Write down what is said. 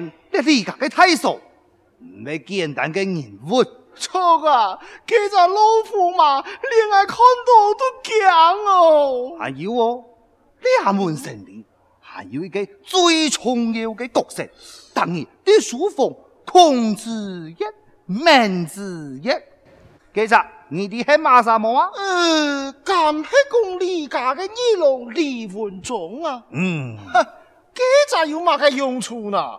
你李家嘅太守，沒簡單嘅人物。啊、老虎嘛，連我看到都驚哦。還有哦，你門城裏還有一個最重要嘅角色，當書孔子孟子你哋喺賣什麼啊？呃，咁喺講李家嘅二郎李文忠啊。嗯，哈哈有嘛嘅用處呢？